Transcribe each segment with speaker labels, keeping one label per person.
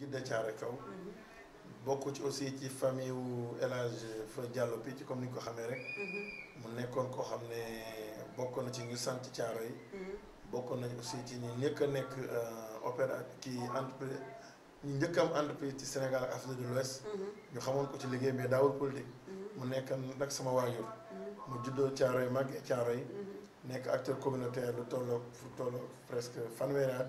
Speaker 1: Jidda Caare Kaw bokk ci aussi ci famille wu El Hadj Fa Diallo Picc comme ni ñu ko xamee rek mm-hmm. mu nekkoon koo xam ne bokkoon na ci ñu sant caaro yi mm-hmm. bokk nañ aussi ci ñu njëkk a nekk euh, opéra ki entreprise ñu njëkk am entreprise ci Sénégal ak Afrique de mm-hmm. ñu xamoon ko ci liggéey mais daawul politique mu nekk nag sama waajur mu juddoo caaro yi màggee caaro yi nekk acteur communautaire lu tolloog fu tolloog presque fanweeri at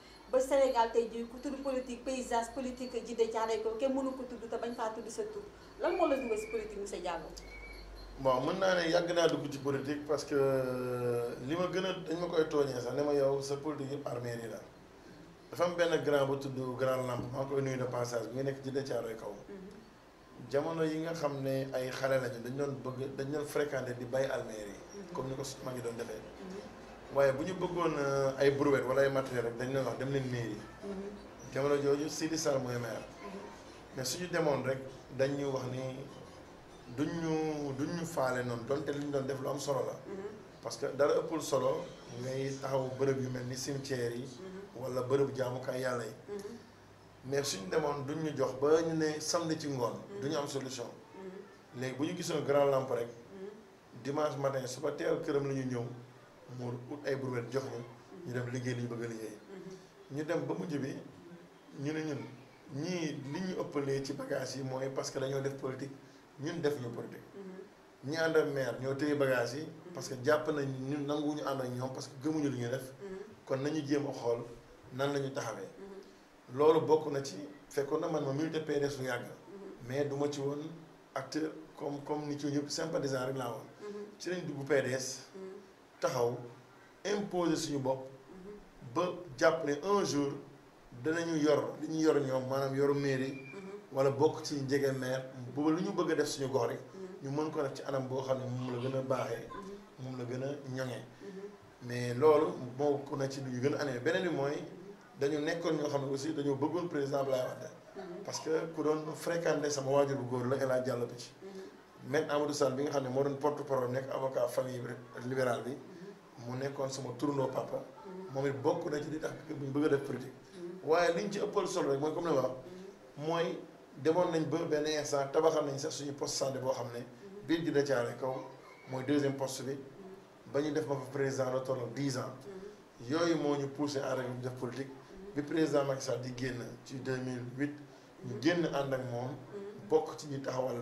Speaker 2: ba Sénégal tey jii ku tudd politique paysage politique ji de caaxaan ko kenn mënu ko tudd te bañ faa tudd sa tur lan moo la dugal si politique monsieur Diallo.
Speaker 1: bon mën naa ne yàgg naa dugg ci politique parce que euh, li ma gën a dañ ma koy tooñee sax ne ma yow sa politique yëpp armée la dafa am benn grand bu tudd grand lamp maa koy nuyu de passage bi nga nekk ji de kaw.
Speaker 3: Mhm.
Speaker 1: jamono yi nga xam ne ay xale lañu dañ doon bëgg dañ doon fréquenter di bay armée yi. Mhm. comme ni ko ma ngi doon defee. waaye bu ñu bëggoon euh, ay brouette wala ay matériel rek dañ leen wax dem leen mairie mhm. jamono jooju Sidi Sarr mooy maire mhm. mais suñu demoon rek dañ ñu wax ni duñ ñu duñ ñu faale noonu donte li ñu doon def lu am solo la mhm. parce que dara ëppul solo ngay taxaw bërëb yu mel ni cimetière yi wala bërëb jaamukaay yàlla yi mais suñu demoon duñ ñu jox ba ñu ne samedi ci ngoon duñu am solution léegi bu ñu gisoon grand làmp rek dimanche matin suba teel këram la ñu ñëw mu ut ay brouette jox ñu ñu dem liggéey li ñu bëgg a liggéey mm-hmm. ñu dem ba mujj bi ñu ne ñun ñii li ñu ëppalee ci bagage yi mooy parce que dañoo def politique ñun def ñu politique
Speaker 3: mm-hmm.
Speaker 1: ñi ànd ak maire ñoo téye bagage yi mm-hmm. parce que jàpp nañ ñun nanguwuñu ànd ak ñoom parce que gëmuñu li ñu def kon nañu jéem a xool nan la ñu taxawee loolu bokk na ci fekkoon na man ma militaire PDS lu yàgg mais du ma ci woon acteur comme comme nit ñëpp sympathisant rek laa woon ci lañ dugg PDS taxaw imposer suñu bop ba jàpp ne un jour dañu yor liñu yor ñom manam yoru mairie wala bok ci njege maire booba lu bëgg def suñu gox rek ñu mën ko def ci anam bo xamné ne la gëna a baaxee la gëna a mais loolu bokk na ci lu gën a benen bi mooy dañu nekkoon ñoo xamné aussi dañu bëggoon président Abdoulaye Wade parce que ku doon fréquenté sama waajur bu góor la El Hadj ci me Amadou Sall bi nga xamné mo moo doon porte parole nek avocat famille libéral bi mu nekkoon sama tournoo papa momit bokku na ci di tax bu bëgg def politique waye liñ ci ëppal solo rek moy comme le wax moy demoon nañ ba ben instant tabaxal nañ sax suñu poste santé bo xamné ne di di dacaare kaw moy deuxième poste bi bañu def ma fa président la toll 10 ans yooyu moo ñu poussé en def politique bi président Macky Sall di génn ci 2008 ñu génn and ak moom bokk ci ñu taxawal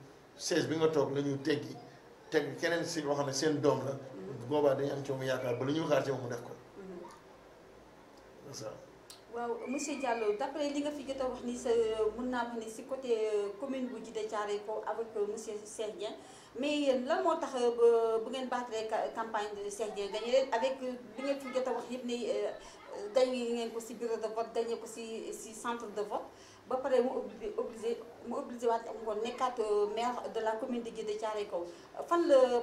Speaker 1: 16 bi nga tok la ñu teggi teg keneen ci bo xamné ne seen doom la boobaa dañu am ci mu yaakaar ba lu ñu xaar ci moom mu def ko
Speaker 2: waaw monsieur Diallo d'après li nga fi jot wax ni sa mun naa wax ni si côté euh, commune bu Djiddah Thiaroye Kao avec euh, monsieur Cheikh Dieng mais lan moo tax euh, bu ngeen battre campagne de Cheikh Dieng dañu leen avec bi ngeen fi jot a wax yëpp ne dañu ngeen ko si bureau de vote dañu ko si si centre de vote je suis obligé de euh, maire de la commune de Guédé le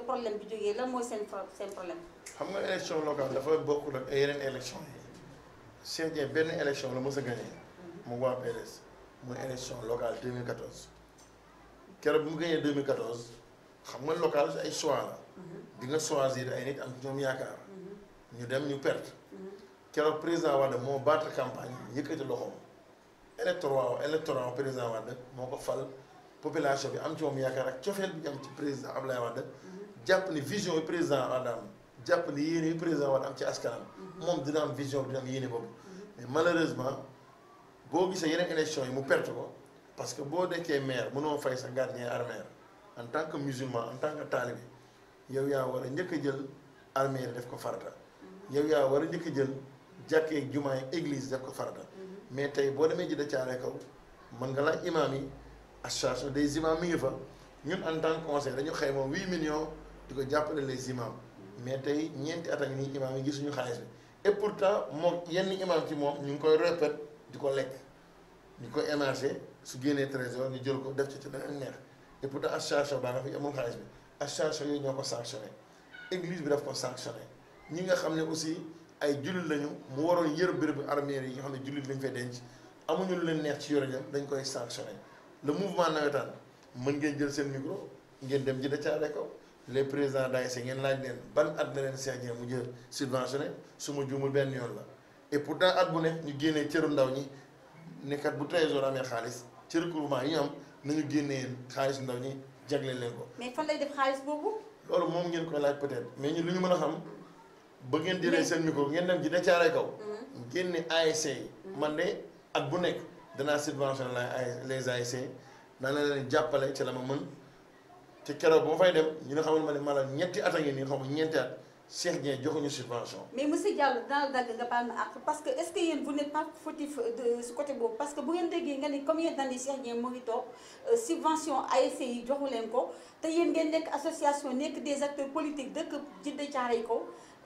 Speaker 2: problème bi a problème.
Speaker 1: xam une élection locale élection locale élection élection locale 2014 je bu 2014 xam local locale choix la choisir mhm. dem mhm. président battre campagne élection locale. Électoral, électoral, président fal population bi am bi am ci président Abdoulaye japp ni vision président Adam, président am ci askanam dina vision mais malheureusement bo élection yi mu perte ko parce que maire fay sa gardien armé. en tant que musulman en tant que Talib, yow ya wara jël def ko yow jël église def ko mais tey boo demee Jidda Caaroy kaw mën nga laaj imaam yi association des imams mi ngi fa ñun en tant que conseil dañu xayma huit million di ko jàppale les imams mais tey ñeenti at a ngi nii imaam yi gisuñu xaalis bi et pourtant moom yenn imaam ci moom ñu ngi koy répète di ko lekk ñu koy émargé su génnee trésor ñu jël ko def ci ci leneen neex et pourtant association baa nga fi amul xaalis bi association yooyu ñoo ko sanctionné église bi daf ko sanctionné ñi nga xam ne ay jullit lañu mu waroon yër bérébu armée yi nga xam ne jullit lañ fay denc amuñu lu leen neex ci yore ñoom dañ koy sanctionné le mouvement nawetaan mën ngeen jël seen micro ngeen dem ji da caare ko les président d'ASC ngeen laaj leen ban at na leen Cheikh Dieng mu jël subventionné su ma juumul benn yoon la et pourtant at bu ne ñu génnee cëru ndaw ñi nekkat bu trésor amee xaalis ci recouvrement yi ñu am nañu génnee xaalis ndaw ñi jagleel leen ko.
Speaker 2: mais fan lay def xaalis boobu.
Speaker 1: loolu moom ngeen koy laaj peut mais ñun ñu mën a xam. ba ngeen jëlee seen micro ngeen dem ci Déthiaroye Kaw. Mm-hmm. génne ASC yi. Mm-hmm. man de at bu nekk danaa subventionné les ASC naa leen jàppale ci la ma mën te keroog bu ma fay dem ñu ne xamul ma ne mala ñetti at a ngi nii xam nga ñeenti at Cheikh Dieng joxuñu subvention.
Speaker 2: mais monsieur Diallo daal dagg nga baal ma àq parce que est-ce que yéen vous n'êtes pas fautif de ce côté boobu parce que bu ngeen déggee nga ne combien d'années Cheikh Dieng mu ngi toog euh, subvention ASC yi joxu leen ko te yéen ngeen nekk association nekk des acteurs politiques dëkk Djidah Thiaroye ko.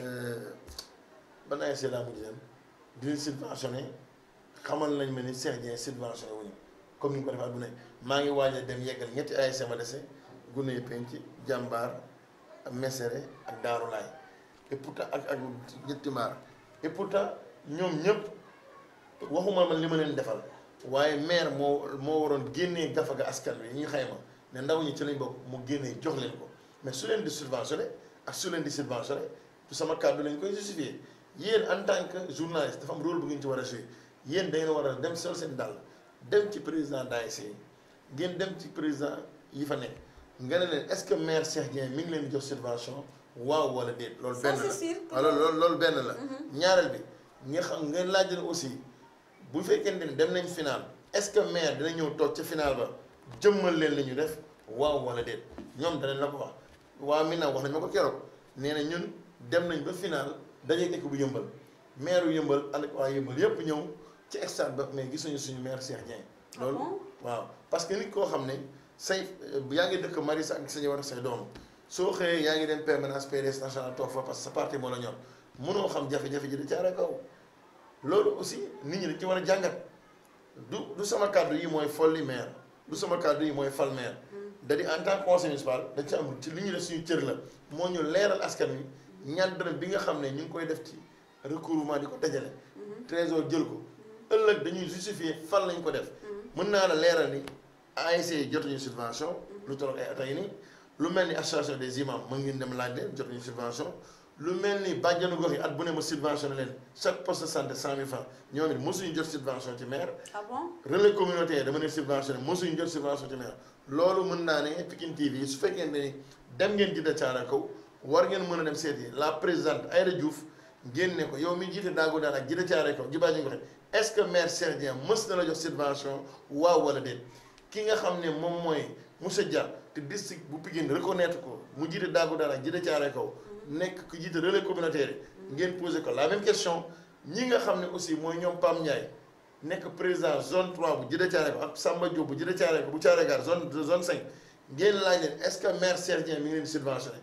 Speaker 1: Euh, ban ASC laa mujj dem di leen subventionné xamal nañ ma ni Cheikh Dieng subventionné wuñu comme ni ñu ko defee du bu ne maa ngi waaj a dem yeggal ñetti ASC ma dese Guney Penc jàmbaar Mesere ak Daaru Laay et pourtant ak ak ñetti maar et pourtant ñoom ñëpp waxuma ma li ma leen defal waaye maire moo moo waroon génnee gafaga askan wi ñu xayma ne ndaw ñi ci lañ bokk mu génnee jox leen ko mais su leen di subventionné ak su leen di subventionné du sama kàddu lañ koy justifier yéen en tant que journaliste dafa am rôle bu ngeen ci war a jouer yéen da ngeen war a dem sol seen dàll dem ci président d'ASC ngeen dem ci président yi fa nekk nga ne leen est-ce que maire Cheikh Dieng mi ngi leen jox subvention waaw wala déet. loolu benn la loolu loolu la. Mhm. ñaareel bi nga xam nga laaj aussi bu fekkente ne dem nañ final est-ce que maire dina ñëw toog ci final ba jëmmal leen li ñu def waaw wala déet ñoom danañ la ko wax waa mi dem nañ ba final dajeeg nek bu yëmbal maire yu yëmbal ànd wa yëmbal yëpp ñëw ci stade ba mais gisunu suñu maire Cheikh Dieng. Ah lool waaw parce que nit ko xam say ya nga dëkk Marissa ak sa wara say doom so xey ya nga dem permanence PDS national toog fa parce que sa parti mo la ñor mëno xam jafé jafé ji ci ara kaw lool aussi nit ñi ci wara jangat du du sama cadre yi moy folli maire du sama cadre yi moy fal maire hmm. dadi en tant conseil municipal da ci am ci li ñu def suñu cër la moo ñu leeral askan wi. ñaar dërëm bi nga xam ne ñu ngi koy def ci recouvrement di ko dajale. trésor jël ko. ëllëg dañuy justifier fan lañ ko def. mën naa la leeral ni ASC jotuñu subvention. lu tolloog ay at nii lu mel ni association des imams mu ngi dem laaj leen jotuñu subvention. lu mel ni bàjjanu gox yi at bu ne ma subventionné leen chaque poste de santé cent mille francs ñoom it mosuñu jot subvention ci maire. ah bon relais communautaire dama ne subventionné mosuñu jot subvention ci maire. loolu mën naa ne Pikine TV su fekkee ne dem ngeen jënd caara kaw. war ngeen mën dem seeti la présidente Aïda Diouf génne ko yow mi jité daago daan ak jida ko jibaa ji nga est-ce que maire Cheikh meus na la jox subvention wa wala déet ki nga xamné mom moy mooy monsieur Dia te district bu Pikine reconnaître ko mu jité daago daan ak jida ko nek nekk ku jiite relais communautaire ngeen poser ko la même question ñi nga xamné aussi moy ñom Pam ñay nek président zone 3 bu jida caare ko ak Samba Diop bu jida caare ko bu caare gar zone zone 5 ngeen lañ leen est-ce que maire Cheikh Dieng mi ngi leen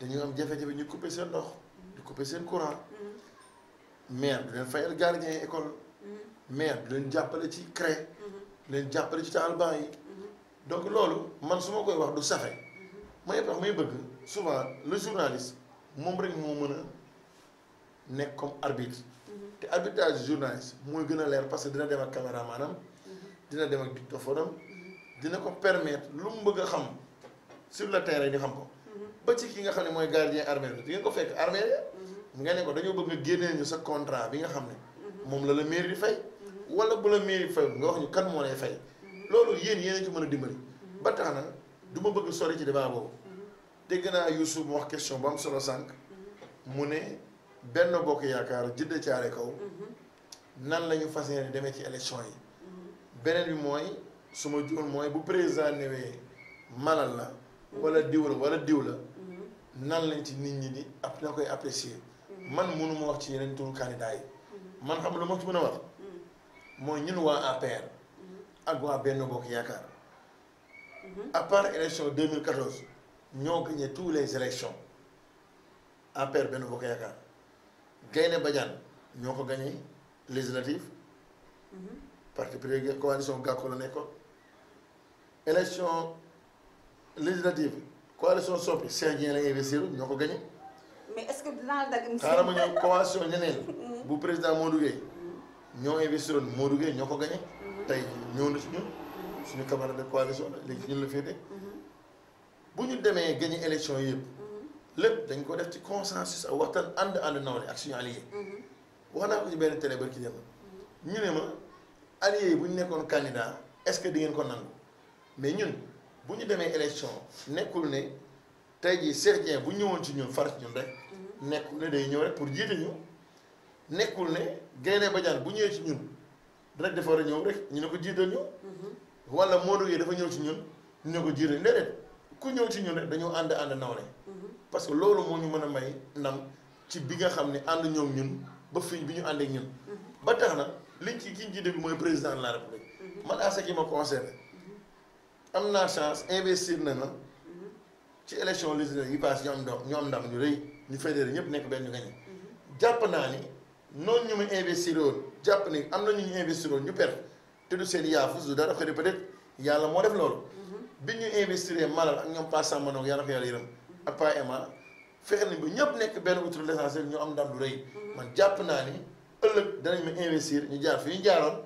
Speaker 1: dañu am jafe couper seen ndox couper seen courant mm-hmm. maire de leen le gardien école mm-hmm. maire du leen jàppale ci cré
Speaker 3: mm-hmm.
Speaker 1: du leen ci yi donc loolu man su koy wax du saxe may wax may souvent le journaliste moom rek comme arbitre te arbitrage journaliste parce que dina dem ak caméraman dina dina ko permettre lu mu sur la terre. ba ci ki nga xam ne mooy gardien armée bi di ngeen ko fekk armée ya mm-hmm. nga ne ko dañoo bëgg nga génnee ñu sa contrat bi nga xam ne mm-hmm. moom la la mairie di fay mm-hmm. wala bu la mairie fay nga wax ñu kan moo lay fay loolu yéen yéen ci mën a dimbali ba tax na du ma bëgg sori ci débat boobu dégg naa Youssou mu wax question bu am solo sànq mu ne benn bokk yaakaar jënd caare kaw nan lañu ñu fas yéene demee ci élection yi beneen bi mooy su ma juul mooy bu président newee malal la wala diw wala diw la nan lañ ci nit ñi di ap na apprécier mm-hmm. man mënu wax ci yeneen candidat yi
Speaker 3: mm-hmm.
Speaker 1: man xam lu ma ci mën a wax
Speaker 3: mm-hmm.
Speaker 1: ñun waa APR ak waa Bokk à part élection 2014 ñoo gagné tous les élections APR pair Bokk Yaakaar gagné parti pré coalition la élection législative coalition soppi Cheikh Dieng la ñu investir ñoo ko gagné.
Speaker 2: mais est-ce xaaral ma ñëw
Speaker 1: coalition ñeneen. Mm-hmm. bu président Modou Gueye. ñoo investir woon Modou Gueye ñoo ko gagné. Mm-hmm. tey ñëw na si ñun. suñu camarade de coalition la léegi ñu la féetee.
Speaker 3: Mm-hmm.
Speaker 1: bu ñu demee gagné élection yëpp. lépp dañ ko def ci consensus ak waxtaan ànd ànd nawle ak suñu allié. wax naa ko ci benn télé barki dem ñu ne ma allié yi bu ñu nekkoon candidat est-ce que di ngeen ko nangu mais ñun. bu ñu demee élection nekkul ne tey ji Cheikh Dieng bu ñëwoon ci ñun far ci ñun rek mhm. nekkul ne day ñëw rek pour jiite ñu nekkul ne Gaynde Badiane bu ñëwee ci ñun rek dafa war a ñëw rek ñu ne ko jiital ñu
Speaker 3: mhm.
Speaker 1: wala Modou yi dafa ñëw ci ñun ñu ne ko jiital déedéet ku ñëw ci ñun rek dañoo ànd ànd nawle mhm. parce que loolu moo ñu mën a may ndam ci bi nga xam ne ànd ñoom ñun ba fii bi ñu àndeek ak ñun ba tax na liñ ci kiñ jiite bi mooy président de la république man asek yi ma concerné am naa chance investir na ma ci élection législative yi paase ñu am ndam ñu am ndam ñu rëy ñu fédéré ñëpp nekk benn ñu gañe jàpp naa ni noonu ñu ma investir woon jàpp ni am na ñu ñu investir woon ñu perte te du seen yaafus du dara xëy peut yàlla moo def loolu bi ñu investir malal ak ñoom paas sàmmandoo yaa ko yàlla yërëm ak pas ma fexe nañ ba ñëpp nekk benn outil l'essentiel ñu am ndam lu rëy mhm. man jàpp naa ni ëllëg danañ ma investir ñu jaar fi ñu jaaroon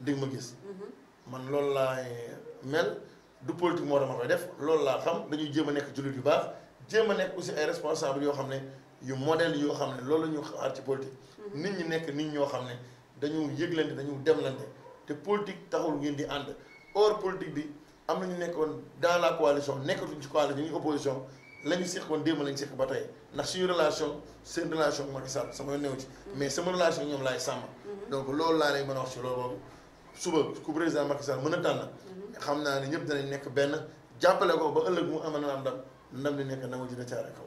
Speaker 1: di ma gis man loolu laay mel du politique moo dama koy def loolu laa xam dañuy jéem a nekk jullit yu baax jëm a nekk aussi ay responsable yoo xam ne yu modèle yoo xam ne loolu la ñu xaar ci politique mhm. nit ñi nekk nit ñoo xam ne dañu yëglante dañu demlante te politique taxul ngeen di ànd or politique bi am na ñu nekkoon dans la coalition nekkatuñ ci coalition ñu opposition la ñu seq woon démb lañ seq ba tey ndax suñu relation seen relation ak Macky Sall sama néew ci mhm. mais sama relation ñoom laay sàmm mhm. donc loolu laa lay mën a wax ci loolu boobu suba ku président Macky Sall mën a tànn xam naa ne ñëpp danañ nekk benn jàppale ko ba ëllëg mu amal na am ndam ndam li nekk na ma jënd caare kaw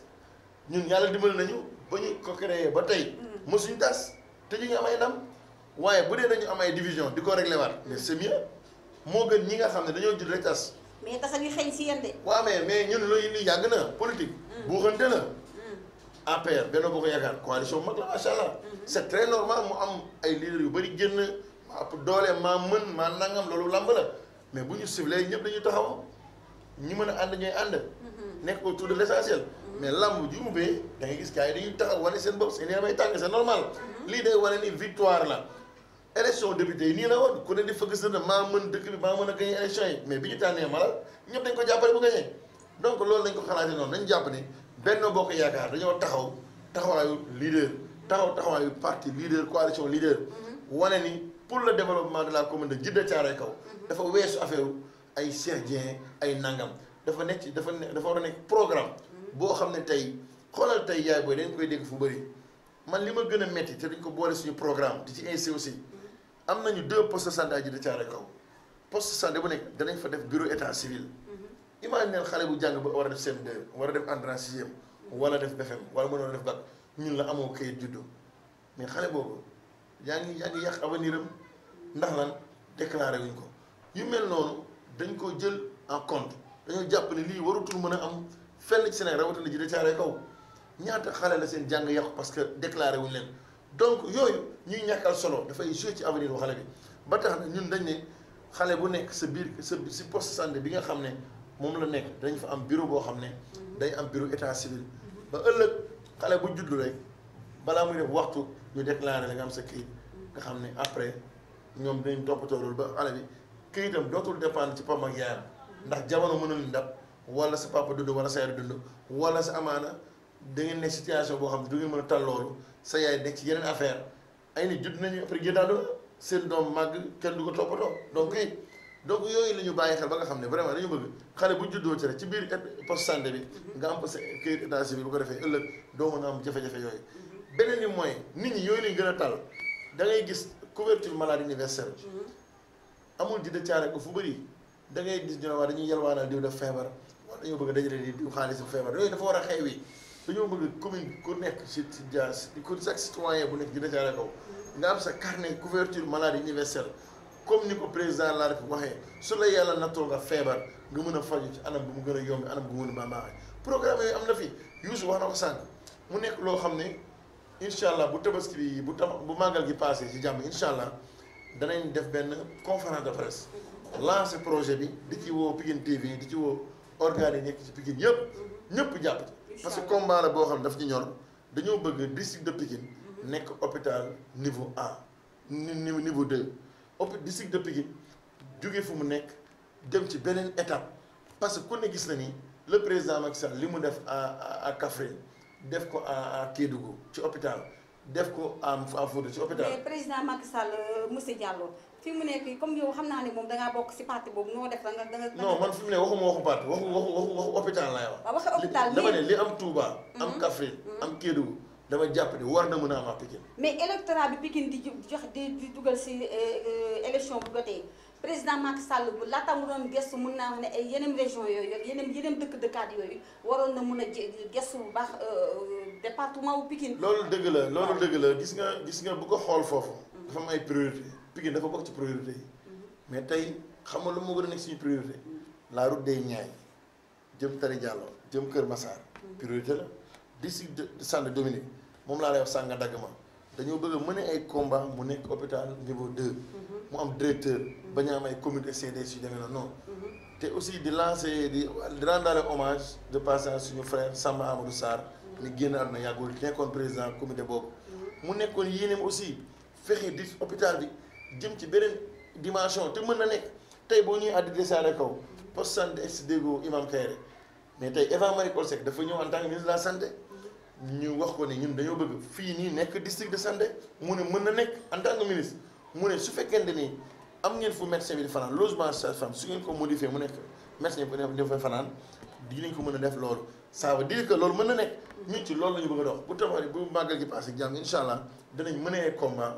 Speaker 1: ñun yalla dimbal nañu ba ñu ko créé ba tey mm. mosuñu tass te ñu ngi am ay ndam waye bu dé dañu am ay division diko régler réglé mais c'est mieux mo gën ñi nga xamné dañu jël rek tass
Speaker 2: mais tas a ngi xeeñ si yéen de.
Speaker 1: mais mais ñun lu ñu yag na politique. bu mm. buuxante na. Mm. APR benn bu ko Yaakaar coalition mak mag la macha allah. Mm-hmm. c' très normal mu am ay leader yu bari bëri ma ap doole ma mën ma nangam lolu lamb la mais bu ñu ciblé ñepp dañu taxaw ñi mëna and ñoy and nek mm-hmm. nekk autour de l'essentiel mm-hmm. mais lamb ju ubbee da ngay gis gars yi dañuy taxaw wane seen bopp seen yaramay tàng c'est normal mhm. lii day wane ni victoire la élection député yi nii la woon ku ne di fëgg sën maa mën dëkk bi maa mën a gagné élection yi mais bi ñu tànnee malal ñëpp dañ ko jàppale bu gagné donc loolu lañ ko xalaatee noonu dañ jàpp ni Benno Bokk Yaakaar dañoo taxaw taxawaayu leader taxaw taxawaayu parti leader coalition leader mhm. wane ni pour le développement de la commune de Djiddah Thiaroye Kaw mhm. dafa weesu affaire ay Cheikh ay nangam dafa nekk dafa dafa war a nekk boo xam ne tey xoolal tey yaay booy dañ koy dégg fu bëri man li ma gën a métti te duñ ko boole suñu programme di ci insé aussi am nañu deux postes de santé ji de Thiaroye Kaw poste de santé bu nekk danañ fa def bureau état civil mhm. imagine xale bu jàng ba war a def CM2 war a def entrée en sixième wala def BFM wala mënoon def bac ñun la amoo kayit juddu mais xale boobu yaa ngi yaa ngi yàq avenir am ndax lan déclaré wuñ ko yu mel noonu dañ ko jël en compte dañoo jàpp ne lii warutul mën a fenn ci Sénégal rawatina ji de caaree kaw ñaata xale la seen jàng yàqu parce que déclaré wuñ leen donc yooyu ñuy ñàkkal solo dafay joué ci avenir bu xale bi ba tax na ñun dañ ne xale bu nekk sa biir sa si poste bi nga xam ne moom la nekk dañ fa am bureau boo xam ne day am bureau état civil ba ëllëg xale bu juddu rek balaa muy def waxtu ñu déclaré la nga am sa kayit nga xam ne après ñoom dañ toppatoo loolu ba xale bi kayitam dootul dépendre ci pam ak yaayam ndax jamono mënul ndab wala sa papa dund wala sa yaay dund wala sa amaana da ngeen nekk situation boo xam ne du ngeen mën a tal loolu sa yaay nekk ci yeneen affaire ay nit judd nañu après génnaandoo seen doom màgg kenn du ko toppatoo donc donc yooyu la ñu bàyyi xel ba nga xam ne vraiment dañu bëgg xale bu juddoo ci rek ci biir poste santé bi nga am sa këyit état civil bu ko defee ëllëg doo mën a am jafe-jafe yooyu mhm. beneen yi mooy nit ñi yooyu lañ gën a tal da ngay gis couverture maladie universelle mhm. amul di da caare ko fu bëri da ngay gis ñu ne waa dañuy yalwaanal diw def feebar dañoo bëgg dajale di xaalisu feebar yooyu dafa war a xew yi dañoo bëgg commune ku nekk si si Diass ku chaque citoyen bu nekk di Dakar kaw nga am sa carnet couverture maladie universelle comme ni ko président la République waxee su la yàlla nattoo nga feebar nga mën a faju ci anam bu mu gën a yomb anam bu mu mën a baaxee programme yooyu am na fi Youssou wax na ko sànq mu nekk loo xam ne incha allah bu tabaski bi bu tabax bu màggal gi passé si jàmm incha allah danañ def benn conférence de presse lancer projet bi di ci woo Pikine TV di ci woo. organes yi nekk ci Pikine yëpp ñëpp jàpp ci parce que combat la boo xam ne daf ñu ñor dañoo bëgg district de Pikine nekk hôpital niveau un niveau deux hôpi district de Pikine jóge fu mu nekk dem ci beneen étape parce que ku ne gis na ni le président Macky Sall li mu def à à def ko a à Kédougou ci hôpital def ko à à Fouta ci hôpital.
Speaker 2: président Macky Sall euh, monsieur fi mu nekk comme yow xam naa ni moom dangaa bokk si parti boobu noo def da nga da nga. non man
Speaker 1: fi mu ne waxuma waxu parti waxu waxu waxu waxu hôpital
Speaker 2: wax. waaw li
Speaker 1: am Touba. am mm-hmm. Kaffrine mm-hmm. am Kédougou. dama jàpp ni war na mën a amaat Pikine.
Speaker 2: mais électorat bi Pikine di jox di dugal si euh, euh, élection bu jotee président Macky Sall bu laata mu doon gëstu mun naa wax ne ay yeneen région yooyu ak yeneen yeneen dëkk-dëkkaat yooyu waroon na mun a gëstu bu baax euh, département bu Pikine. loolu dëgg
Speaker 1: la loolu dëgg la gis nga gis bu ko xool foofu. ay Pikine dafa bok ci priorité yi mm-hmm. mais tay xam nga lu mo gën a suñu priorité mm-hmm. la route des ñay jëm Tari Diallo jëm Kër Massar mm-hmm. priorité la district de Sande Dominique mom la lay wax sanga dagg ma dañoo bëgg mëne ay combat mu nekk hôpital niveau 2 mu am directeur baña a am ay comité CDS yu demee noonu non té aussi di lancer di di rendre hommage de passage suñu frère Samba Amadou Sarr mi génn àdduna yàggul nekkoon président comité boobu mu nekkon yéeneem aussi fexé di hôpital bi jëm ci beneen dimension te mën na nekk tey boo ñuy àddi desaare kaw poste santé ex déggoo imam Kayre mais tey Eva Marie Coll dafa ñëw en tant que ministre de la santé ñu wax ko ne ñun dañoo bëgg fii nii nekk district de santé mu ne mën na nekk en tant que ministre mu ne su fekkente ni am ngeen fu médecin bi di fanaan logement sage-femme su ngeen ko modifié mu nekk médecin bi dafa fanaan dinañ ko mën a def loolu ça di dire que loolu mën na nekk ñun ci loolu la ñu bëgg a dox allah danañ mën a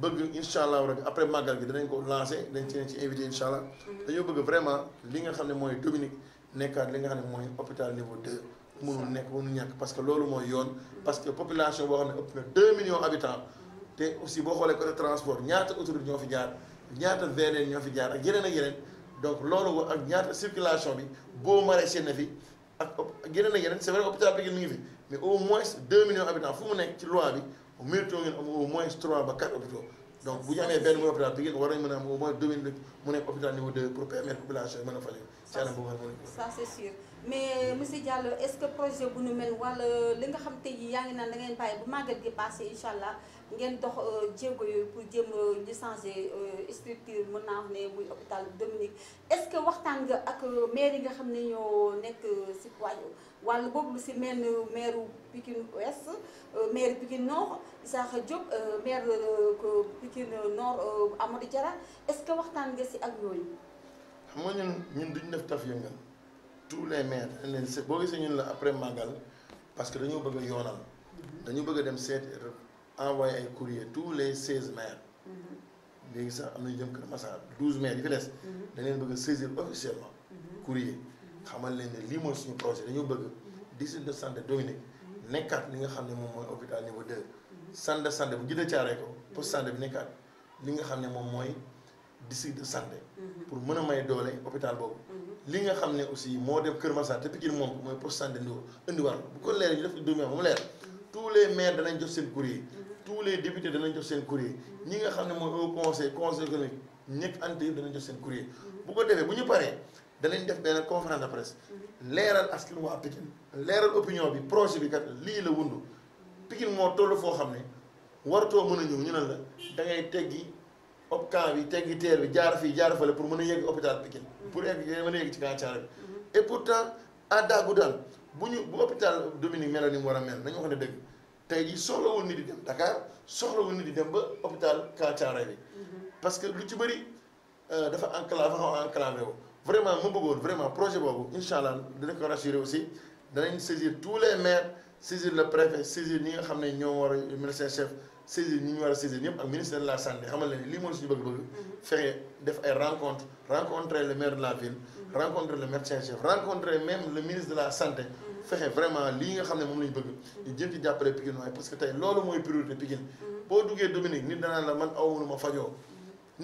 Speaker 1: bëgg incha allah rek après màggal gi danañ ko lancé dañ ci ci invité mhm. bëgg vraiment li nga xam ne mooy Dominique nekkaat li nga xam ne mooy hôpital niveau 2 mënul nekk mënul ñàkk parce que loolu mooy yoon mhm. parce que population boo xam ne ëpp na 2 millions habitants mhm. te aussi boo xoolee côté transport ñaata autoroute ñoo fi jaar ñaata VDN ñoo fi jaar ak yeneen ak yeneen donc loolu ak ñaata circulation bi boo maraîcher na fi ak yeneen ak yeneen c'est vrai hôpital mais au moins 2 millions habitants fu mu nekk ci loi bi au au moins trois ou quatre hôpitaux donc vous avez hôpital que war au moins deux hôpital niveau pour permettre population ça
Speaker 2: c'est sûr mais monsieur Diallo est-ce que projet bu avez mel euh, pour euh, structure de l'hôpital Dominique est-ce que vous avez ak euh, maire wàllu bobu lu si mel ni maire Pikine Ouest euh, maire Pikine Nord Isaaxa Diop euh, maire euh, Pikine Nord Amadou diara est-ce que waxtaan nga si ak yoy
Speaker 1: xam nga ñun ñun duñ def taf yëngal tous les maires bo leen ñun la après magal parce que mm-hmm. dañu bëgg yonal dañu bëgg dem seet envoyer ay courrier tous les 16 maires.
Speaker 3: Mm-hmm.
Speaker 1: légui sax am nañu jëm Kër massa 12 maires yi fi dess mm-hmm. dañ leen bëgg a saisir officiellement. courrier. xamal leen ne lii mooy suñu projet dañoo bëgg district de santé Dominique nekkaat li nga xam ne moom mooy hôpital niveau 2 centre de santé ko poste santé bi li nga xam ne moom mooy district de santé pour mën a may doole hôpital boobu li nga xam ne aussi moo dem Kër Massar te Pikine moom mooy poste santé ndiw indiwaat bu ko leer ñu def dóomee moom leer tous les danañ jox seen courrier tous les députés danañ jox seen courrier ñi nga xam ne mooy au conseil conseil économique ñëpp ante yëpp danañ jox seen courrier bu ko defee bu ñu paree danañ def benn conférence de presse leeral askan waa Pikine leeral opinion bi projet bi kat lii la wund Pikine moo toll foo xam ne wartoo mën a ñëw ñu ne la da ngay teggi op camp bi teggi teer bi jaar fii jaar fale pour mën a yegg hôpital Pikine pour egg mën a yegg ci kan bi et pourtant à daagu daal bu ñu bu hôpital Dominique mel ni mu war a mel nañu wax ne dëgg tey jii soxlawul nit di dem Dakar soxlawul nit di dem ba hôpital kan caare mhm. parce que lu ci bëri euh, dafa enclavé xaw enclavé wu vraiment vraiment projet Inch'Allah, aussi saisir tous les maires saisir le préfet saisir les saisir les de la santé mm-hmm. rencontrer le maire de la ville. Mm-hmm. rencontrer le médecin chef rencontrer même le ministre de la santé. Mm-hmm. Faire vraiment ce que je veux. qui parce que je que priorité avons Dominique nit la man ma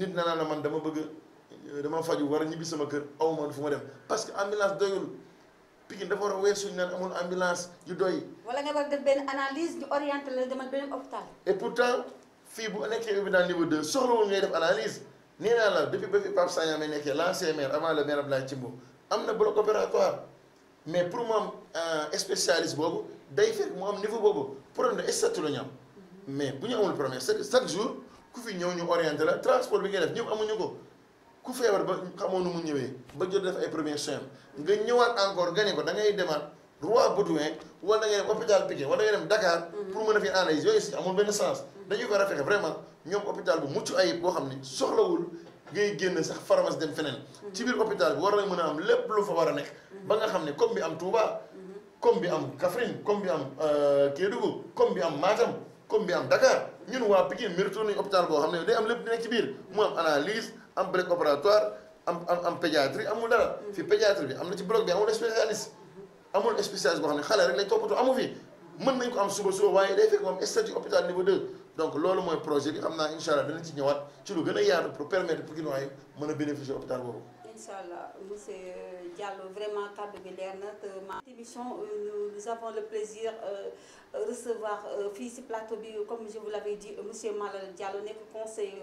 Speaker 1: nit la dama faju war a ñibbi sama kër awma fu ma dem parce que ambulance doyul Pikine dafa war a weesu ñu naan amul ambulance yu doy.
Speaker 2: wala nga war def benn analyse ñu orienté la demal beneen hôpital.
Speaker 1: et fii bu nekkee hôpital niveau 2 soxlawul ngay def analyse nee naa la depuis ba fi Pape Sagna may nekkee l'ancien maire avant le maire Abdoulaye Thimbo am na bloc opératoire mais pour mu am euh, spécialiste boobu day fekk mu am niveau boobu problème de statut la ñu am mm-hmm. mais bu ñu amul problème chaque jour ku fi ñëw ñu orienté la transport bi ngay def ñëpp amuñu ko. ku feebar ba xamoon nu mu ñëwee ba jot def ay premiers soins nga ñëwaat encore gane ko da ngay demaat Roi Baudouin wala da ngay dem hôpital Piquet wala da ngay dem Dakar. Mm-hmm. pour mën a fi analyse yooyu si amul benn sens. dañuy ko rafetee vraiment ñoom hôpital bu mucc ayib boo xam ni soxlawul ngay génn sax pharmacie dem feneen. Mm-hmm. ci biir hôpital bi war na mën a am lépp lu fa war a nekk. Mm-hmm. ba nga xam ne comme bi am Touba. comme bi am Kaffrine comme bi am euh, Kédougou xam ne day am am bloc opératoire en pédiatrie amul dara. Mhm. fi pédiatrie bi am ci bloc bien, on spécialiste. Mhm. amul spécialiste boo xam ne xale rek lañ toppatoo amu fi mën nañ ko am suba suba waaye day fekk moom statut hôpital niveau 2. donc loolu mooy projet bi xam naa incha allah dinañ ci ñëwaat ci lu gën a pour permettre pour yi mën a bénéficier hôpital
Speaker 2: Inch'Allah, M. monsieur Diallo vraiment kàddu bi leer na ma. émission euh, nous avons le plaisir euh, recevoir euh, ici si plateau bi comme je vous l'avais dit monsieur Malal Diallo nekk conseiller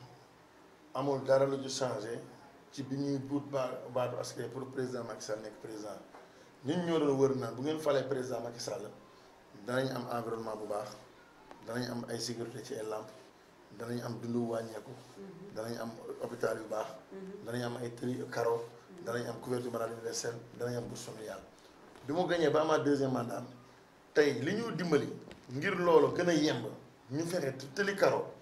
Speaker 1: amul dara lu ñu changer ci bi ñuy ba baa baatu askan pour président Macky Sall nekk président ñun ñoo doon wër naan bu ngeen falé président Macky Sall danañ am environnement bu baax danañ am ay sécurité ci ay làmp danañ am dundu wàññeeku danañ am hôpital yu baax danañ am ay tëri caro danañ am couverture maladie universelle danañ am bourse familiale bi mu gañee ba amaat deuxième mandat tay li ñu dimbali ngir loolu gën a yemb ñu fexe tëli caro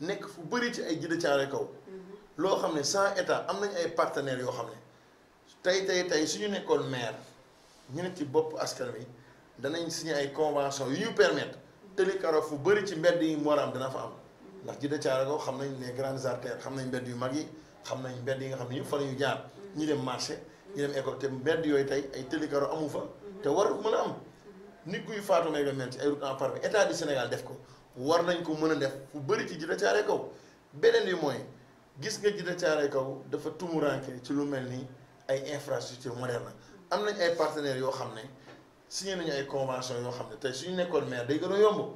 Speaker 1: nekk fu bëri ci ay Djida Thiaroye Kaw mhm. loo xam ne sans état am nañu ay partenaires yoo xam ne tey tey tey suñu nekkoon maire ñu ne ci bopp askan wi danañ signé ay convention yu ñu permettre mhm. tëli karo fu bëri ci mbedd yi mu war a am dana fa am mhm. ndax Djida Thiaroye Kaw xam nañ ne grandes artères xam nañ mbedd yu mag yi xam nañ mbedd yi nga xam ne ñu fa la ñu jaar ñu dem marché ñu dem école te mbedd yooyu tey ay tëli karo amu fa te war a mën a am nit kuy faatu ngay mel ci ay état du Sénégal def ko war nañ ko mën a def fu bëri ci Djidda Thiaroye Kaw beneen bi mooy gis nga Djidda Thiaroye Kaw dafa tumuranke ci lu mel ni ay infrastructure moderne am nañ ay partenaires yoo xam ne signé nañu ay convention yoo xam ne tey suñu nekkoon maire day gën a yomb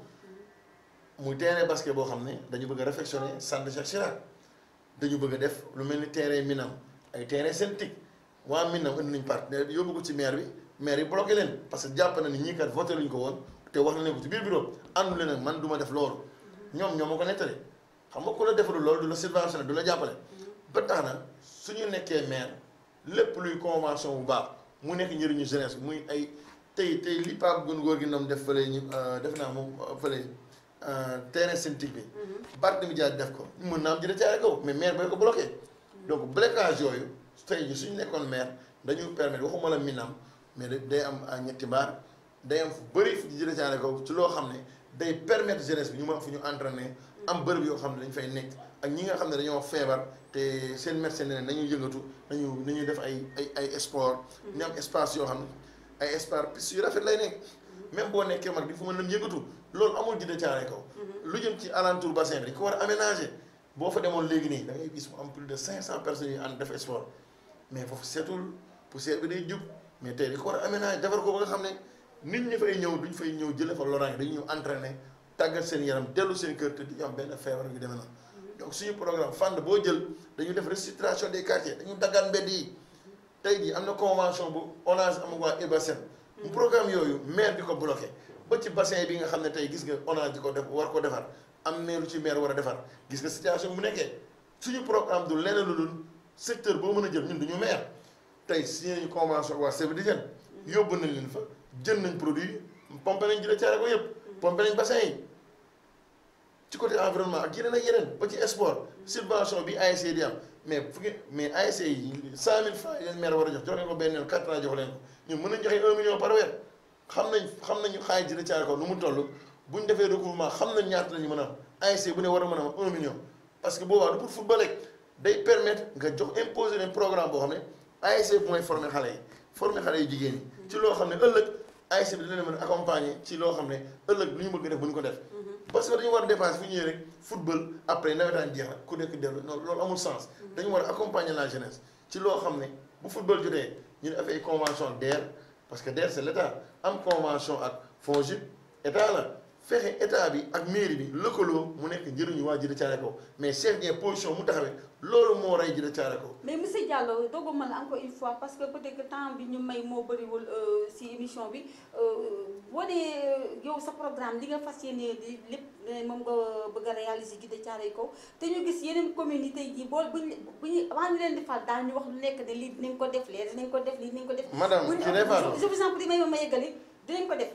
Speaker 1: muy terrain basket boo xam ne dañu bëgg a réfectionner centre dañu bëgg def lu mel ni terrain minam ay terrain synthétique waa minam indi nañ partenaire yóbbu ko ci maire bi maire yi bloqué leen parce que jàpp na ni ñii kat voté luñ ko woon te wax na leen ko ci biir bureau àndu leen nag man du ma def loolu ñoom ñoo ma ko nettali xam nga ko la defalul loolu du na subventionné du la jàppale ba tax na su ñu nekkee maire lépp luy convention bu baax mu nekk njëriñu jeunesse muy ay tey tey li Pape Gun góor gi ñoom def fële ñu euh, def naa moom euh, fële euh, terrain synthétique bi mm-hmm. Barthélémy Dias def ko mën naa am jële caare ko mais maire bay ko bloqué mm-hmm. donc blocage yooyu tey ji suñu nekkoon maire dañu permettre waxuma la minam mais day am ñetti mbaar day am fu bëri fu ñu jëlee caare kaw ci loo xam ne day permettre jeunesse bi ñu mën fu ñu entraîner am bërëb yoo xam ne dañ fay nekk ak ñi nga xam ne dañoo feebar te seen médecin ne nañuy yëngatu nañu nañuy def ay ay ay sport mhm. ñu am espace yoo xam ne ay espace piste yu rafet lay nekk mhm. même boo nekkee mag bi fu mën nañ yëngatu loolu amul jëlee caare kaw lu jëm ci alentour bassin bi dañ ko war a aménager boo fa demoon léegi nii da ngay gis mu am plus de cinq cent personnes yu ànd def sport mais foofu seetul poussière bi day jub mais tey dañ ko war a ko ba nga xam ne nit ñi fay ñëw duñ fay ñëw jëlee fa loraange dañu ñëw entraîner tàggat seen yaram dellu seen kër te duñu am benn feebar yu demee noonu donc suñu programme fànn boo jël dañu def restructuration des quartiers dañu daggaan mbedd yi tey jii am na convention bu ONAS am waa Ebasen mu programme yooyu maire di ko bloqué ba ci bassin bi nga xam ne tey gis nga ONAS di ko def war ko defar am maire lu ci mair war a defar gis nga situation bu nekkee suñu programme du leneen lu dul secteur boo mën a jël ñun duñu maire tey signé ñu convention waa service d'hygiène yóbbu nañ leen fa jën nañ produit pompé nañ jële caare ko yëpp pompé nañ bassin yi ci côté environnement ak yeneen ak yeneen ba ci sport subvention bi ASC di am mais fu mais ASC yi cent a jox jox ko benn yoon quatre ans jox leen ko ñun million par weer xam nañ xam nañu xaalis jële caare ko nu mu toll bu ñu defee recouvrement xam nañ ñaata lañu mën a am ASC bu ne war a mën am un million parce que boobaa du pour football rek day permettre nga jox imposer leen programme boo xam ne ASC mooy former xale yi former xale yu jigéen ñi ci loo xam ne ëllëg ASC bi dina leen mën a accompagner ci loo xam ne ëllëg lu ñu bëgg def bu ñu ko def. parce que dañu war a dépense fu ñëwee rek football après nawetaan jeex na ku nekk dellu non loolu amul sens. dañu war a accompagner la jeunesse ci loo xam ne bu football jotee ñu def ay convention DER parce que DER c'est l'état am convention ak FONGIP état la. fexe état bi ak mairie bi lëkkaloo mu nekk njëriñu waa Djiddah Thiaroye Kaw mais Cheikh Dieng position mu taxawee loolu moo rey Djiddah Thiaroye Kaw.
Speaker 2: mais monsieur Diallo dogu ma la encore une fois parce que peut-être temps bi ñu may moo bëriwul ci euh, émission bi euh, boo dee euh, yow sa programme li nga fas yéenee di lépp moom nga bëgg a réaliser Djiddah Thiaroye Kaw te ñu gis yeneen communauté yi bool bu ñu bu ñu avant ñu leen di fal daal ñu wax lu nekk ne lii dinañ ko def lee dinañ ko def lii dinañ ko def. madame je vous en prie may ma yeggali dinañ ko def.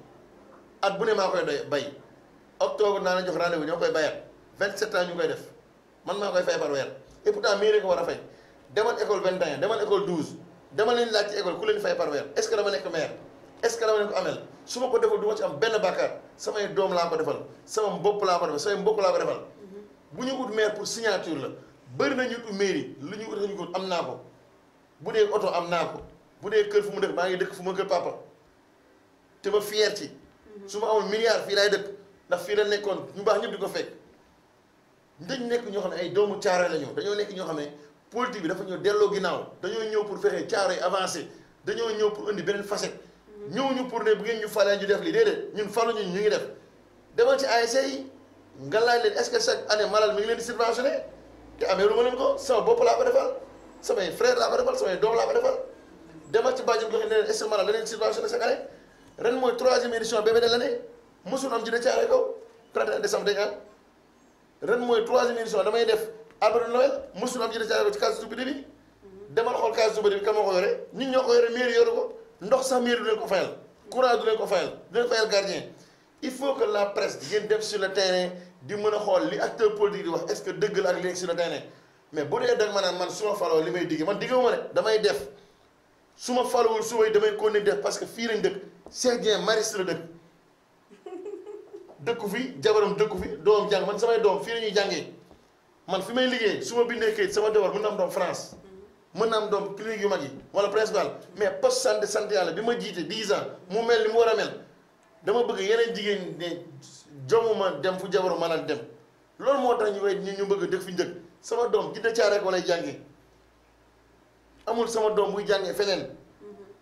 Speaker 1: at bu ne maa koy doy bay octobre naa la jox rendez-vous ñoo koy bayat 27 ans ñu koy def man maa koy fay par weer et pourtant mii rek ko war a fay demal école 21 demal école 12 dama leen laaj ci école ku leen fay par weer est ce que dama nekk maire est ce que dama leen ko amel su ma ko defal du ma ci am benn bàkkaar samay doom laa ko defal sama bopp laa ko defal samay mbokk laa ko defal mhm. bu ñu ut maire pour signature la bëri na ñu ut mairie lu ko am naa bu dee oto am naa ko bu dee kër fu mu dëkk maa ngi dëkk fu ma kër papa te ma fier ci. su ma amul milliard fii laay dëkk ndax fii la nekkoon ñu baax ñëpp di ko fekk dañ nekk ñoo xam ne ay doomu caare la ñu dañoo nekk ñoo xam ne politique bi dafa ñëw delloo ginnaaw dañoo ñëw pour fexe caare yi avancé dañoo ñëw pour indi beneen fase mm-hmm. ñëw ñu pour ne bu ngeen ñu falee ñu def lii déedéet ñun falu ñu ñu ngi def demal ci ASC yi nga laaj leen est-ce que chaque année malal mi ngi leen di subventionné te amee lu ma leen ko sama bopp laa ko defal samay frère laa ko defal samay doom laa ko defal demal ne leen est-ce que malal la ren mooy troisième édition bébé de l'année mosul am ci dëcc aare kaw 31 décembre dañu am ren mooy troisième édition damay def arbre de Noël mosul am ci dëcc aare kaw ci case Soubidi bi demal xool case Soubidi bi kan moo ko yore ñun ñoo ko yore mairie yoru ko ndox sax mairie du leen ko fayal courant du leen ko fayal du leen fayal gardien il faut que la presse di ngeen def sur le terrain di mën a xool li acteur politique di wax est-ce que dëgg la ak li nekk sur le terrain mais bu dee dag ma naan man su ma faloo li may digg man digguma ne damay def su ma falowul su may damay continuer def parce que fii lañ dëkk Cheikh Dieng Maristes la dëkk dëkku fi jabaram dëkku fi doom jàng man samay doom fii la ñuy jàngee man fi may liggéey su ma bindee kayit sama devoir mën am doom France mën na doom clinique yu mag yi wala principal mais poste santé santé yàlla bi ma jiite 10 ans mu mel ni mu war a mel dama bëgg yeneen jigéen ne jomuma dem fu jabaru maanaam dem loolu moo tax ñu wey ñu bëgg dëkk fi ñu dëkk doom gidda caa rek walay jàngee amul sama doom buy jàngee feneen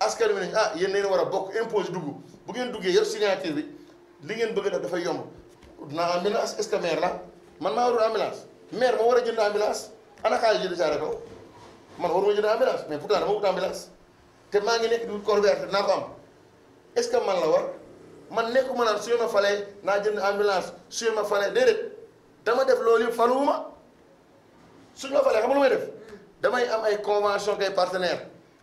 Speaker 1: askan wi nañ ah yéen leen war a bokk impose dugg bu ngeen duggee yor signature bi li ngeen bëgg a def dafay yomb naa ambulance est-ce que maire la man maa warul ambulance mais moo war a jënd ambulance ana xaalis jënd saare ko man waruma jënd ambulance mais pourtant dama wut ambulance te maa ngi nekk di corvette naa ko am est-ce que man la war man nekkuma naan su ma falee naa jënd ambulance su ma falee déedéet dama def loolu yëpp faluwuma suñu ma falee xam lu may def mm. damay am ay convention kay partenaire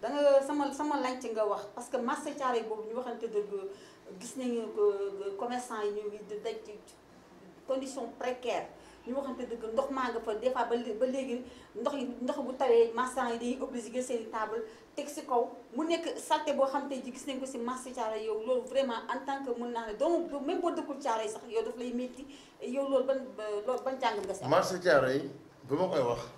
Speaker 2: da nga sama sama lanc nga wax parce que marché yi boobu ñu waxante dëgg gis nañu commercant yi ñu dañ daj ci condition précaire ñu waxante dëgg ndox maa nga fa des fois ba léegi ndox yi ndox bu tawee marchand yi dañuy obligé seen i teg si kaw mu nekk salté boo xam te ji gis nañ ko si marché Thiaroye yow loolu vraiment en tant mën naa ne doomu même boo dëkkul sax yow daf lay métti yow loolu ban loolu ban jàng nga si marché
Speaker 1: yi bu ma koy wax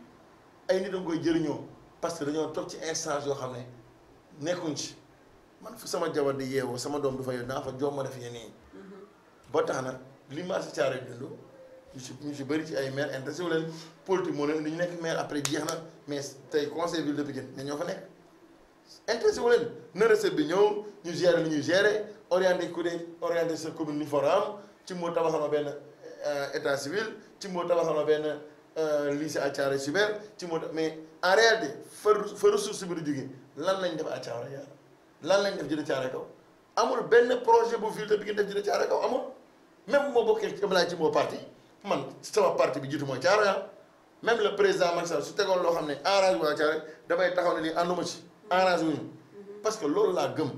Speaker 1: ay nit da nga koy jëriñoo parce dañoo toog ci instance yoo xam ne nekkuñ ci man fu sama jabar di yeewoo sama doom du fa yow naa fa joom ma def yeneen mm-hmm. boo tax na li ma si caare dund ñu si ñu si bëri ci ay maire intéressé wu leen politique moo leen ñu nekk maire après jeex na mais tey conseil ville de Pikine ne ñoo fa nekk intéressé wu leen bi ñëw ñu gérer li ñuy gérer orienté ku ne commune ni foram ci moo tabaxal ma benn euh, état civil ci moo tabaxal ma benn Euh, lycée à si Super ci moo tax mais en réalité fa fa ressource bi du lan lañ def à Thiaroye lan lañ def Djiddah Thiaroye Kao amul benn projet bu filtre bi ngeen def Djiddah Thiaroye Kao amul même moo bokkee ci Abdoulaye ci moo parti man sama parti bi jiitu mooy Thiaroye Yaar même le président Macky Sall su tegoon loo xam ne arrange wu Thiaroye damay taxaw ne lii ànduma ci arrange parce que loolu laa gëm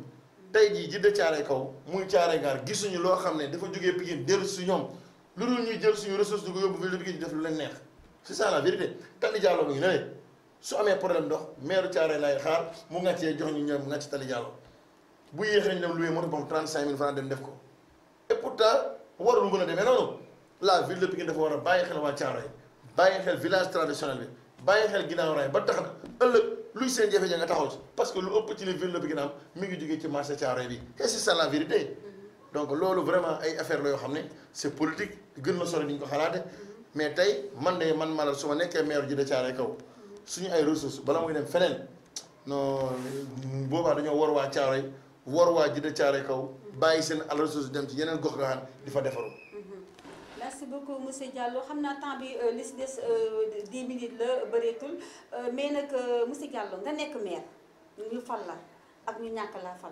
Speaker 1: tey jii Djiddah Thiaroye Kao muy Thiaroye Gare gisuñu loo xam ne dafa jógee Pikine dellu si ñoom lu ñuy jël suñu ressource di ko yóbbu ville de Pikine def lu leen neex c'est ça la vérité Tali Diallo mi ngi ne su amee problème ndox maire Thiaré lay xaar mu ngàccee jox ñu ñoom ngàcc Tali Diallo bu yéex nañ dem loué moto boobu 35000 francs dem def ko et pourtant warul a demee noonu la ville de Pikine dafa war a bàyyi xel waa Thiaroye bàyyi xel village traditionnel bi bàyyi xel ginnaaw raay ba tax na ëllëg luy seen jafe-jafe nga taxaw ci parce que lu ëpp ci li ville de Pikine am mi ngi ci marché Thiaroye bi et c'est ça la vérité mm-hmm. donc loolu vraiment ay affaire la yoo xam ne c'est politique gën na sori ni ñu ko xalaate mais tey man de man malal su ma nekkee maire ji de caare kaw suñu ay ressources bala muy dem feneen non boobaa dañoo war waa caaroy war waa ji de caare kaw bàyyi seen al ressources dem ci yeneen gox goxaan di fa defaru
Speaker 2: mhm. merci beaucoup monsieur Diallo xam naa temps bi euh, li si des 10 euh, minutes la bëreetul euh, mais nag monsieur Diallo nga nekk maire ñu fal la ak ñu ñàkk laa fal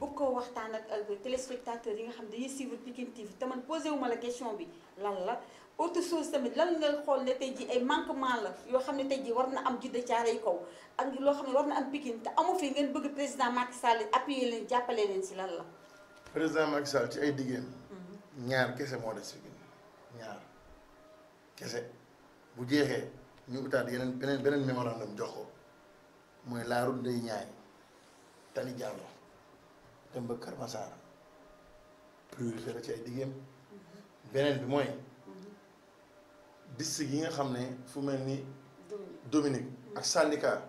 Speaker 2: bëgg koo waxtaan ak téléspectateurs yi nga xam dañuy suivre Pikine TV te man posé wu ma la question bi lan la autre chose tamit lan nga xool ne tey ji ay manquement la yoo xam ne tey ji war na am judda caaray kaw ak loo xam ne war na am Pikine te amu fii ngeen bëgg président Macky Sall appuyer leen jàppale leen si lan la
Speaker 1: président Macky Sall ci ay diggéen mhm. ñaar kese moo des Pikine ñaar kese bu jeexee ñu utaat yeneen beneen beneen mémorandum jox ko mooy la route de dem ba Kër Masar priorité la ci ay diggéem beneen bi mooy district yi nga xam ne fu mel ni Dominique mm-hmm. ak syndicat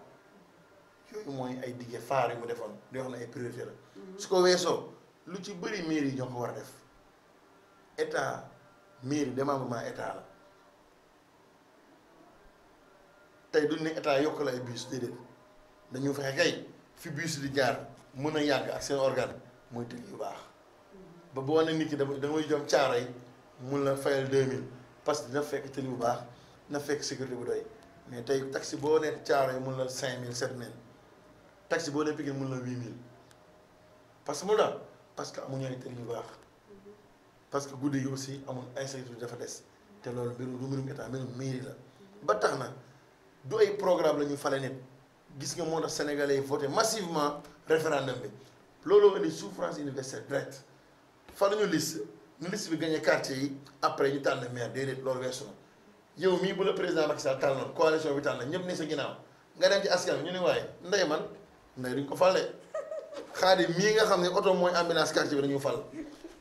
Speaker 1: yooyu mooy ay diggé faar yu mu defoon di wax ne ay priorité la mm-hmm. su ko weesoo lu ci bëri mairie yi ñoo ko war a def état mairie démembrement état la tey duñ ne état yokk la ay bus déedéet dañu fexe kay fi bus di jaar mëna yag ak seen organe moy tëgg yu baax ba bo ne nit ki da ngay jom caara yi mun la fayal 2000 parce que dina fekk tëli yu baax na fekk sécurité bu doy mais tey taxi bo ne caara yi mun la 5000 7000 taxi bo ne Pikine mun la 8000 parce que mu la parce que amuñu ay tëli yu baax parce que guddi yi aussi amul sécurité dafa dess té lolu mbirum du état mbirum mairie la ba tax na du ay programme lañu falé fale nit gis nga monde sénégalais yi voté massivement référendum bi lolo indi souffrance universelle directe faluñu liste ñu liste bi gagné quartier yi après ñu tànn maire déedéet loolu weesu yow mi bu le président Macky Sall tan coalition bi tan ñep ne sa ginaaw nga dem ci askan ñu ni way nday man nday duñ ko falé xaadi mi nga xam auto moy mooy ambulance quartier bi dañu fal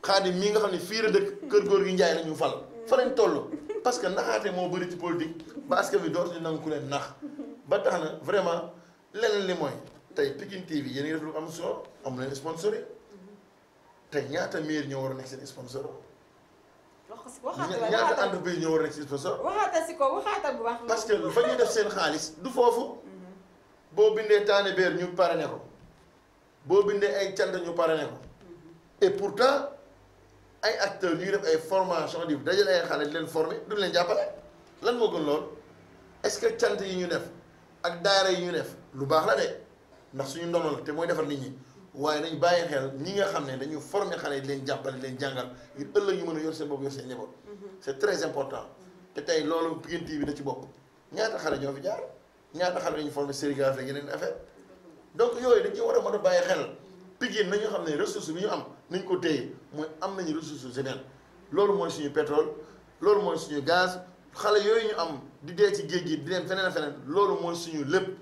Speaker 1: xaadi mi nga xam ne fii keur gor kër góor gi njaay nañu fal fa lañ tollu parce que naxate mo beuri ci politique ba askan bi ñu nang ku len nax ba taxna vraiment leneen li mooy tey Pikine TV yéen a def lu am solo am leen sponsor yi tey ñaata maire ñoo war a nekk seen sponsor.
Speaker 3: ñaata entreprise
Speaker 1: ñoo war a nekk seen sponsor. waxaata si parce que fa ñu def seen xaalis du foofu. Mhm. boo bindee taane beer ñu ne ko boo bindee ay cant ñu parrainé ko mhm. et pourtant ay acteurs ñuy def ay formation di dajale ay xale leen former duñ leen jàppale lan moo gën loolu est-ce que cant yi ñu def ak daara yi ñu def. lu baax la de ndax suñu ndono la te mooy defar nit ñi waaye nañ bàyyi xel ñi nga xam ne dañu former xale yi leen jàppale leen jàngal ngir ëllëg ñu mën a yor seen bopp yor seen njaboot mhm. c'est très important te tey loolu Pikine TV da ci bokk ñaata xale ñoo fi jaar ñaata xale dañu former sérigraphie yeneen affaire donc yooyu dañ war a mën a bàyyi xel Pikine nañu xam ne ressource bi ñu am nañ ko téye mooy am nañu ressource jeunesse loolu mooy suñu pétrole loolu mooy suñu gaz xale yooyu ñu am di dee géej gi di leen feneen feneen loolu mooy suñu lépp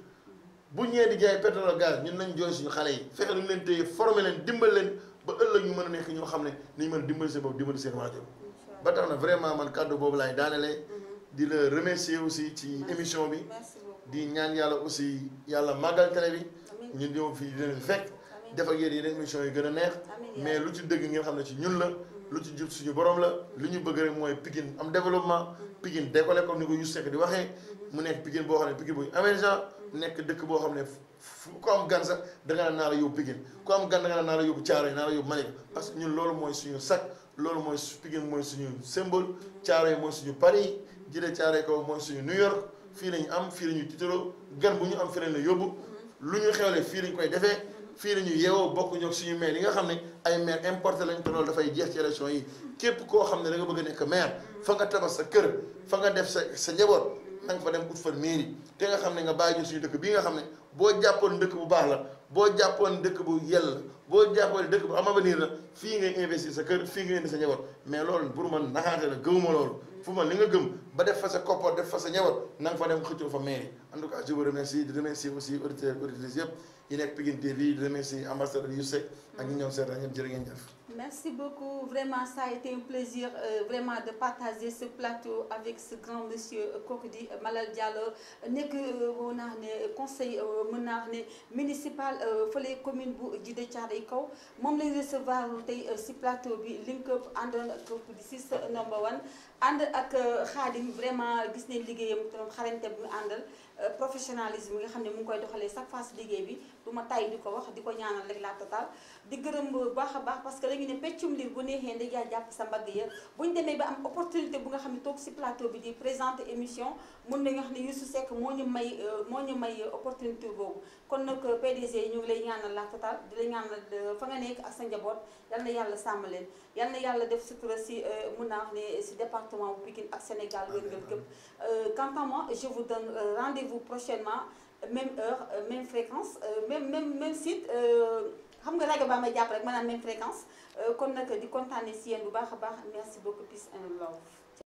Speaker 1: bu ñëwee di jaay pétrole gaz ñun nañ jooy suñu xale yi fexe lu ñu leen téye former leen dimbal leen ba ëllëg ñu mën a nekk ñoo xam ne nañ mën a dimbali seen bopp dimbali seen waajur ba tax na vraiment man kàddu boobu laay daanelee mm-hmm. di la remercier aussi ci émission bi di ñaan yàlla aussi yàlla màggal télé bi ñu ñëw fii di leen fekk def ak yéen yeneen émission yi gën a neex mais lu ci dëgg ngeen xam ne ci ñun la mm-hmm. lu ci jub suñu borom la lu ñu bëgg rek mooy Pikine am développement mm-hmm. Pikine décollé comme ni ko Youssou Seck di waxee mu boo xam ne Pikine bu émergent nekk dëkk boo xam ne fu ku am gan sax danga naan naa la yóbbu Pikine ko am gan danga naa la yóbbu Thiaroye naa la yóbbu Malika parce que ñun loolu mooy suñu sac loolu mooy Pikine mooy suñu symbole Thiaroye mooy suñu Paris jëlee Thiaroye kaw mooy suñu New York fii lañu am fii lañu tiitaroo gan bu ñu am fii lañ yóbbu lu ñu xewle fii lañ koy defee fii lañu yeewoo bokk ñoog suñu maire yi nga xam ne ay maire importé lañ te dafay jeex ci élection yi képp koo xam ne da bëgg a nekk maire fa nga tabax sa kër fa nga def sa sa njaboot na nga fa dem ut fa mairie te nga xam ne nga bàyyi suñu dëkk bi nga xam ne boo jàppoon dëkk bu baax la boo jàppoon dëkk bu yell boo jàppoon dëkk bu am avenir la fii ngay investir sa kër fii ngay indi sa njaboot mais loolu pour man naxaate la gëmuma loolu fu man li nga gëm ba def fa sa koppar def fa sa njaboot na nga fa dem xëccoo fa mairie en tout cas je vous remercie di remercier aussi yëpp yi nekk Pikine TV di remercier ambassadeur Youssef ak
Speaker 2: Merci beaucoup. Vraiment, ça a été un plaisir euh, vraiment de partager ce plateau avec ce grand monsieur euh, Malal Diallo. Nek euh, euh, conseil euh, municipal commune de Djidé Thiaroye Je moom recevoir ce plateau bi link up c'est le numéro number one ànd ak Khadim vraiment gis nañ liggéeyam tam bu andal professionnalisme Je nga xam ne mu ngi koy chaque phase liggéey bi duma tay diko wax diko ñaanal rek la total di gërëm bu baax baax parce que dañu ne peccum liir bu neexee ndé yaa japp sa mbag ya buñ démé ba am opportunité bu nga xamni tok ci plateau bi di présenter émission mun nañu wax ne Youssou Seck mo ñu may euh, mo ñu may opportunité bobu kon nak euh, PDG ñu ngi lay ñaanal la total di lay ñaanal euh, fa nga nekk ak sa njaboot yalla na yalla sàmm yalla na yalla def sutura ci mun naa wax ci département bu Pikine ak Sénégal wér-ngél képp quant à moi je vous donne rendez-vous prochainement même heure euh, même fréquence euh, même même même site euh, xam nga même fréquence Comme si merci beaucoup peace and love